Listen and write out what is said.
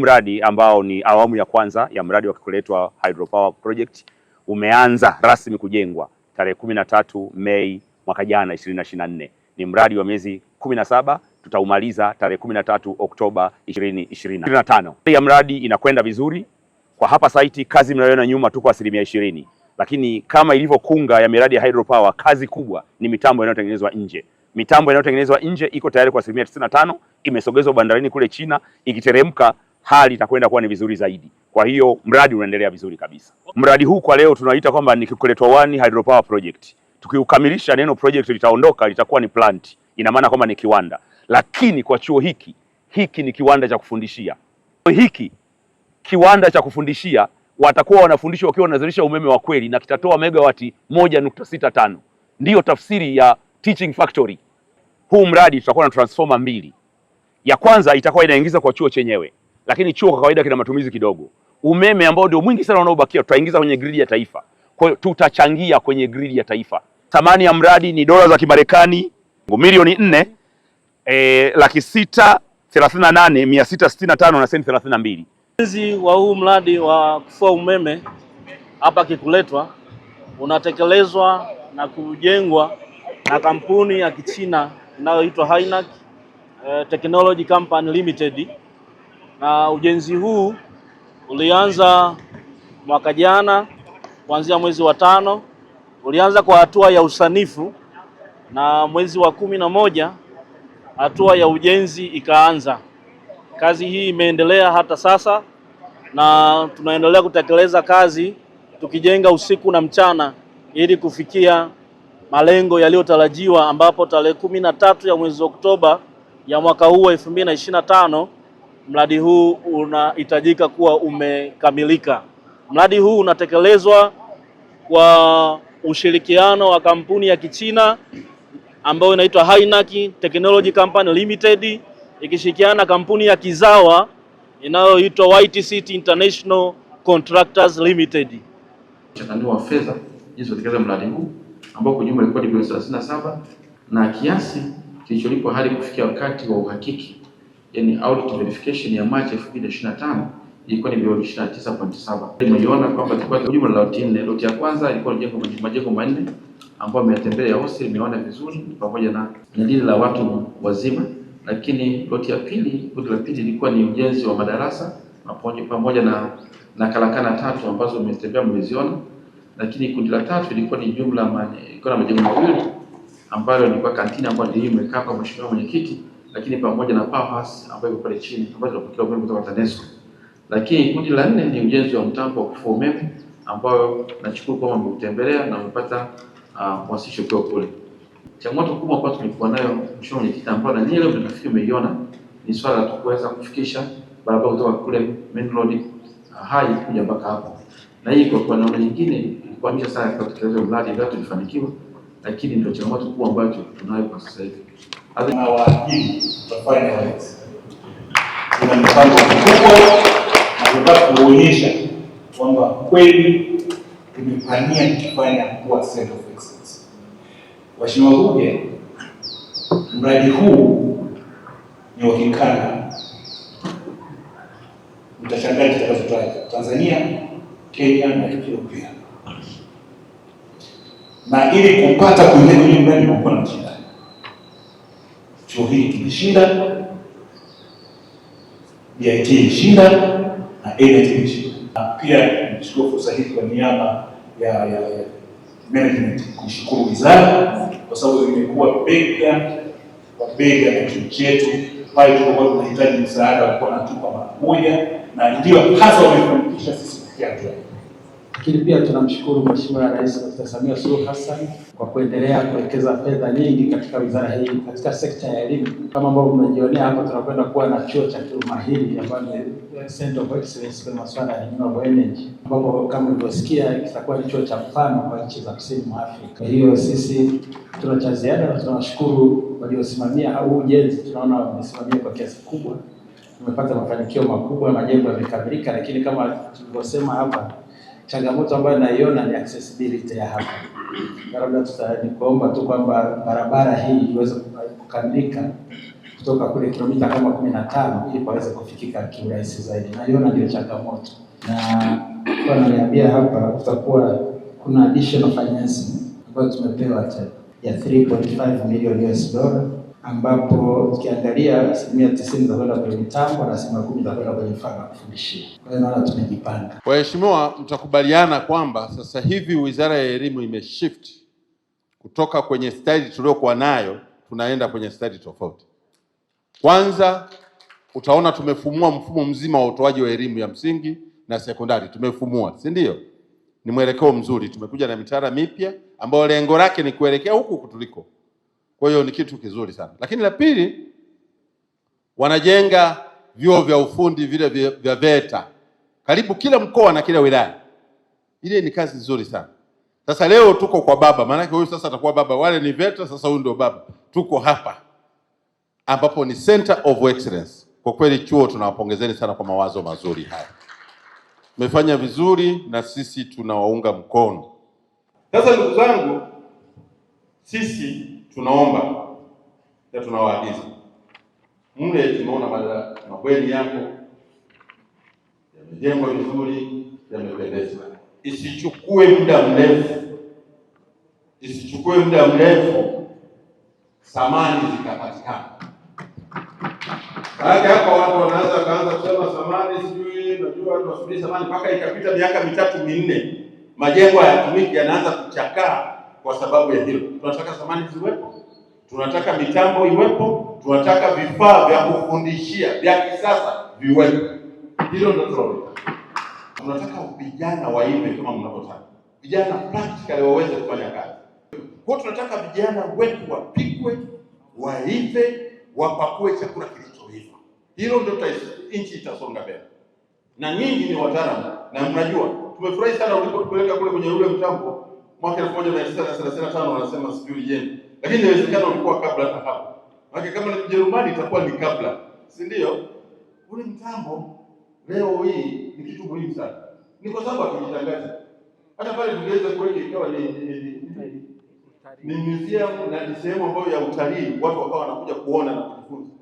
Mradi ambao ni awamu ya kwanza ya mradi wa Kikuletwa Hydropower Project umeanza rasmi kujengwa tarehe kumi na tatu Mei mwaka jana 2024. Ni mradi wa miezi kumi na saba tutaumaliza tarehe kumi na tatu Oktoba 2025. Ya mradi inakwenda vizuri kwa hapa saiti, kazi mnayoona nyuma tuko asilimia ishirini, lakini kama ilivyo kunga ya miradi ya hydropower, kazi kubwa ni mitambo inayotengenezwa nje mitambo inayotengenezwa nje iko tayari kwa asilimia tisini na tano imesogezwa bandarini kule China ikiteremka hali itakwenda kuwa ni vizuri zaidi. Kwa hiyo mradi unaendelea vizuri kabisa. Mradi huu kwa leo tunaita kwamba ni Kikuletwa One Hydropower Project. Tukiukamilisha, neno project litaondoka, litakuwa ni plant, ina maana kwamba ni kiwanda. Lakini kwa chuo hiki hiki ni kiwanda cha kufundishia, hiki kiwanda cha kufundishia watakuwa wanafundishwa wakiwa wanazalisha umeme wa kweli na kitatoa megawati moja nukta sita tano ndiyo tafsiri ya teaching factory. Huu mradi tutakuwa na transformer mbili, ya kwanza itakuwa inaingiza kwa chuo chenyewe lakini chuo kwa kawaida kina matumizi kidogo. Umeme ambao ndio mwingi sana unaobakia tutaingiza kwenye gridi ya taifa, kwa hiyo tutachangia kwenye gridi ya taifa. Thamani ya mradi ni dola za Kimarekani milioni nne e, laki sita thelathini na nane mia sita sitini na tano na senti thelathini na mbili. Ujenzi wa huu mradi wa kufua umeme hapa Kikuletwa unatekelezwa na kujengwa na kampuni ya Kichina inayoitwa Hainak eh, Technology Company Limited na ujenzi huu ulianza mwaka jana kuanzia mwezi wa tano, ulianza kwa hatua ya usanifu na mwezi wa kumi na moja hatua ya ujenzi ikaanza. Kazi hii imeendelea hata sasa na tunaendelea kutekeleza kazi tukijenga usiku na mchana ili kufikia malengo yaliyotarajiwa ambapo tarehe kumi na tatu ya mwezi Oktoba ya mwaka huu elfu mbili na ishirini na tano mradi huu unahitajika kuwa umekamilika. Mradi huu unatekelezwa kwa ushirikiano wa kampuni ya Kichina ambayo inaitwa Hainaki Technology Company Limited ikishirikiana na kampuni ya Kizawa inayoitwa White City International Contractors Limited. Mchanganuo wa fedha jinsi mradi huu ambao kwa jumla ilikuwa ni bilioni 37 na kiasi kilicholipwa hadi kufikia wakati wa uhakiki yani audit verification ya March 2025 ilikuwa ni bilioni 29.7. Tumeiona kwamba tulikuwa na jumla loti nne. Loti ya kwanza ilikuwa ni jengo majengo manne ambayo imetembelea ya hosteli imeona vizuri pamoja na lile la watu wazima, lakini loti ya pili, kundi la pili ilikuwa ni ujenzi wa madarasa mapoje pamoja na na karakana tatu ambazo mmetembea mmeziona, lakini kundi la tatu ilikuwa ni jumla ilikuwa na majengo mawili ambayo ilikuwa kantini ambayo ndio imekaa kwa mheshimiwa mwenyekiti lakini pamoja na PAWAS ambayo iko pale chini ambayo tunapokea umeme kutoka TANESCO. Lakini kundi la nne ni ujenzi wa mtambo wa kufua umeme ambao nachukuru kwamba mmetembelea na mmepata ah, mwasisho uh, ukiwa kule. Changamoto kubwa ambayo tumekuwa nayo mheshimiwa mwenyekiti, ambayo na nyinyi leo nafikiri umeiona ni swala la kuweza kufikisha barabara kutoka kule main road uh, hai kuja mpaka hapo, na hii kwa kwa namna nyingine ilikuwa nje sana kwa kutekeleza mradi, ndio tulifanikiwa, lakini ndio changamoto kubwa ambayo tunayo kwa sasa hivi na waajiri tutafanya mpango mkubwa na tunataka kuonyesha kwamba kweli tumepania kufanya kuwa center of excellence. Waheshimiwa wabunge, mradi huu ni wa kikanda, mtashangaa kitakazotaja Tanzania, Kenya na Ethiopia, na ili kupata kuingia kwenye mradi huu chuo hiki kimeshinda, BIT imeshinda na ANET imeshinda. Pia nichukue fursa hii kwa niaba ya, ya, ya management kuishukuru wizara kwa sababu imekuwa bega kwa bega na chuo chetu pale tulikuwa tunahitaji msaada, walikuwa wanatupa mara moja, na ndio hasa wamefanikisha sisi kufikia hatua lakini pia tunamshukuru Mheshimiwa Rais Dr. Samia Suluhu Hassan kwa kuendelea kuwekeza fedha nyingi katika wizara hii katika sekta ya elimu. Kama ambavyo mmejionea hapa, tunakwenda kuwa na chuo cha Kilumahili ambayo ni Center of Excellence kwa masuala ya renewable energy, ambapo kama ulivyosikia kitakuwa ni chuo cha mfano kwa nchi za kusini mwa Afrika. Kwa hiyo sisi tuna cha ziada na tunawashukuru waliosimamia au ujenzi, tunaona wamesimamia kwa kiasi kubwa, tumepata mafanikio makubwa, majengo yamekamilika, lakini kama tulivyosema hapa changamoto ambayo naiona ni accessibility ya hapa, labda tutakuomba tu kwamba barabara hii iweze kukamilika kutoka kule kilomita kama kumi na tano ili paweze kufikika kiurahisi zaidi. Naiona ndio changamoto, na ananiambia hapa kutakuwa kuna additional financing ambayo tumepewa ya 3.5 million US dollars ambapo ukiangalia asilimia tisini za kwenda kwenye mitambo na asilimia kumi za kwenda kwenye vifaa vya kufundishia. Kwa hiyo naona tumejipanga. Waheshimiwa, mtakubaliana kwamba sasa hivi Wizara ya Elimu imeshift kutoka kwenye staili tuliokuwa nayo, tunaenda kwenye staili tofauti. Kwanza utaona tumefumua mfumo mzima wa utoaji wa elimu ya msingi na sekondari, tumefumua, si ndio? Ni mwelekeo mzuri, tumekuja na mitaala mipya ambayo lengo lake ni kuelekea huku kutuliko kwa hiyo ni kitu kizuri sana, lakini la pili, wanajenga vyuo vya ufundi vile vya VETA karibu kila mkoa na kila wilaya. Ile ni kazi nzuri sana. Sasa leo tuko kwa baba, maanake huyu sasa atakuwa baba, wale ni VETA, sasa huyu ndio baba. Tuko hapa ambapo ni center of excellence. Kwa kweli chuo tunawapongezeni sana kwa mawazo mazuri haya, mmefanya vizuri na sisi tunawaunga mkono. Sasa ndugu zangu, sisi tunaomba na tunawaagiza mle, tumeona mabweni yako yamejengwa vizuri, yamependeza. Isichukue muda mrefu, isichukue muda mrefu samani zikapatikana. Baada hapo watu wanaanza kaanza kusema samani, sijui najua wasubiri samani mpaka ikapita miaka mitatu minne, majengo hayatumiki, yanaanza kuchakaa kwa sababu ya hilo. Tunataka samani ziwepo, tunataka mitambo iwepo, tunataka vifaa vya kufundishia vya kisasa viwepo. Hilo ndio tunalotaka. Tunataka vijana waive kama mnavyotaka, vijana practically waweze kufanya kazi. Kwa tunataka vijana wetu wapikwe, waive, wapakue chakula kilichoiva. Hilo ndio nchi itasonga mbele, na nyinyi ni wataalamu na mnajua. Tumefurahi sana ulipotupeleka kule kwenye ule mtambo mwaka elfu moja na tano wanasema sijui jeni, lakini inawezekana ulikuwa kabla hata hapo, maana kama ni Mjerumani itakuwa ni kabla, si ndio? Ule mtambo leo hii ni kitu muhimu sana, ni kwa sababu akijitangaza Hata pale tungeweza kuweka ikawa ni ni museum na ni sehemu ambayo ya utalii, watu wakawa wanakuja kuona na kujifunza